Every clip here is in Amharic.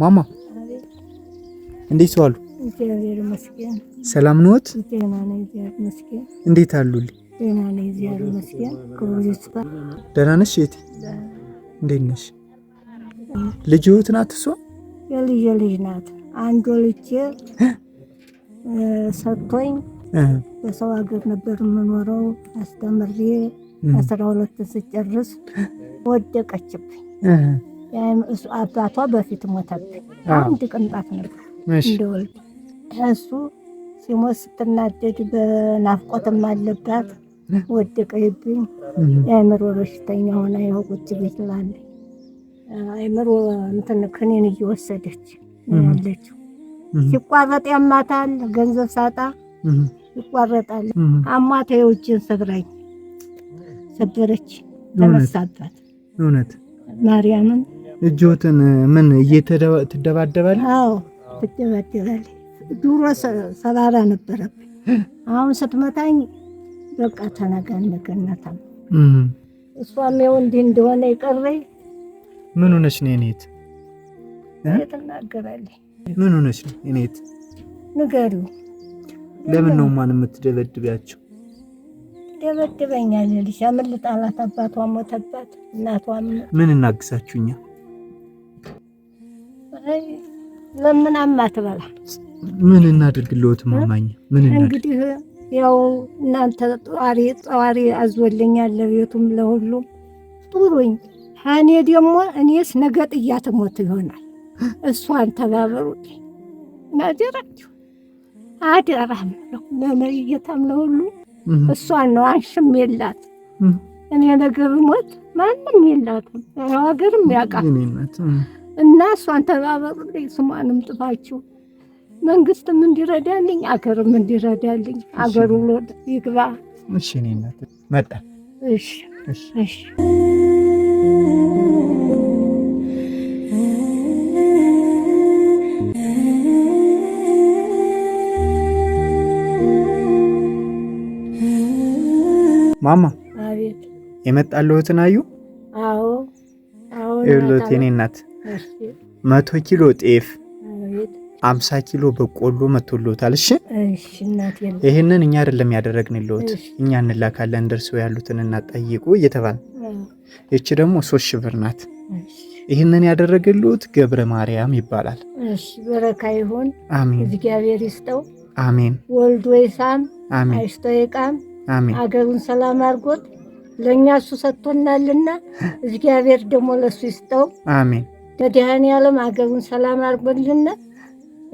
ማማ እንዴት ዋሉ? ሰላም ነዎት? እንዴት አሉልኝ? ደህና ነሽ እህቴ? እንዴት ነሽ? ልጅዎት ናት እሷ? የልጅ ልጅ ናት። አንድ ልጅ ሰጥቶኝ በሰው ሀገር ነበር የምኖረው። አስተምሬ አስራ ሁለት ስጨርስ ወደቀችብኝ። አባቷ በፊት ሞተብኝ። አንድ ቅንጣት ነበር እንደወልድ እሱ ሲሞት ስትናደድ በናፍቆትም አለባት ወደቀይብኝ። የአእምሮ በሽተኛ ሆና ይኸው ቁጭ ቤት ላለ አእምሮ እንትን ክኒን እየወሰደች ያለችው። ሲቋረጥ ያማታል። ገንዘብ ሳጣ ይቋረጣል። አማታ የውጭን ሰብራኝ ሰበረች። ተነሳባት እውነት ማርያምን እጆትን ምን እየተደባደባል? አዎ ትደባደባል። ዱሮ ሰባራ ነበረብኝ። አሁን ስትመታኝ በቃ ተነጋነገናታም እሷም ያው እንዲህ እንደሆነ ይቀረኝ። ምን ሆነሽ ነው እኔት? ተናገራለች። ምን ሆነሽ ነው እኔት? ንገሪው። ለምን ነው ማን የምትደበድቢያቸው? ደበድበኛል ልጅ አመልጣላት። አባቷ ሞተባት፣ እናቷ ምን እናግሳችሁኛ ለምናም አትበላ። ምን እናድርግልዎት ማማኝ? ምን እንግዲህ ያው እናንተ ጠዋሪ ጠዋሪ አዞልኛል ለቤቱም ለሁሉም ጥሩኝ። እኔ ደግሞ እኔስ ነገ ጥያት ሞት ይሆናል። እሷን ተባበሩ ናጀራችሁ አደራም ለመሪየታም ለሁሉ እሷን ነው አንሽም የላት እኔ ነገ ብሞት ማንም የላትም። ሀገርም ያውቃል እና እሷን ተባበሩ ስሟንም ጥፋችሁ መንግስትም እንዲረዳልኝ አገርም እንዲረዳልኝ አገሩ ሎድ ይግባ። እሺ እኔነት መጣ። እሺ እሺ ማማ አቤት። የመጣልዎትን አዩ? አዎ አዎ። ይሉት የኔ እናት መቶ ኪሎ ጤፍ፣ አምሳ ኪሎ በቆሎ መቶሎታል። እሺ ይህንን እኛ አይደለም ያደረግንልዎት፣ እኛ እንላካለን። ደርሰው ያሉትን እናጠይቁ እየተባል ይቺ ደግሞ ሶስት ሽብር ብር ናት። ይህንን ያደረግልዎት ገብረ ማርያም ይባላል። በረካ ይሁን። አሜን። እግዚአብሔር ይስጠው። አሜን። ወልዶ ወይሳም አሜን። አይስቶ ይቃም። አሜን። አገሩን ሰላም አድርጎት ለእኛ እሱ ሰጥቶናልና እግዚአብሔር ደግሞ ለእሱ ይስጠው። አሜን። መድኃኔዓለም አገሩን ሰላም አድርጎልን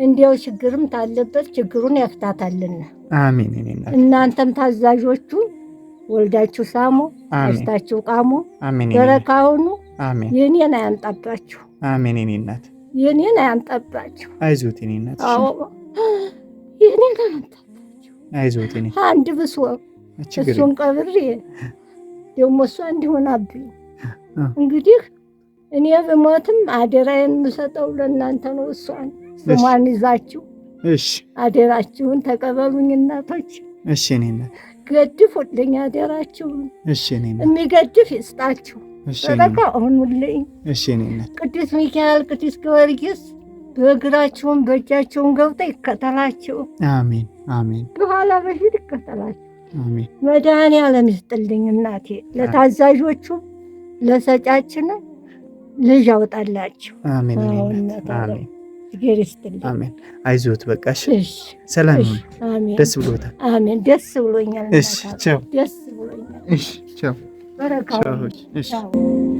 እንዲያው ችግርም ታለበት ችግሩን ያፍታታልን። አሜን። እናንተም ታዛዦቹ ወልዳችሁ ሳሙ፣ አስታችሁ ቃሙ፣ በረካውኑ የኔን አያምጣባችሁ። አሜን። የኔ እናት የኔን አያምጣባችሁ። አይዞት የኔ እናት። አዎ የኔን አያምጣባችሁ። አይዞት የኔ አንድ ብሶ እሱን ቀብሬ ደግሞ እሷ እንዲሆን አብኝ እንግዲህ እኔ ብሞትም አደራዬን የምሰጠው ለእናንተ ነው። እሷን ስሟን ይዛችሁ አደራችሁን ተቀበሉኝ እናቶች። እሺ እኔና ገድፉልኝ አደራችሁን። እሺ እኔና የሚገድፍ ይስጣችሁ ሰለካ አሁኑልኝ። እሺ እኔና ቅዱስ ሚካኤል ቅዱስ ጊዮርጊስ በእግራቸውን በእጃቸውን ገብተው ይከተላችሁ። አሜን አሜን። በኋላ በፊት ይከተላችሁ። አሜን። መድኃኔ ይስጥልኝ እናቴ፣ ለታዛዦቹም ለሰጫችንም ልጅ ያውጣላችሁ። አሜን አይዞት በቃ ሰላም ደስ ብሎታል። አሜን። ደስ ብሎኛል። ደስ ብሎኛል።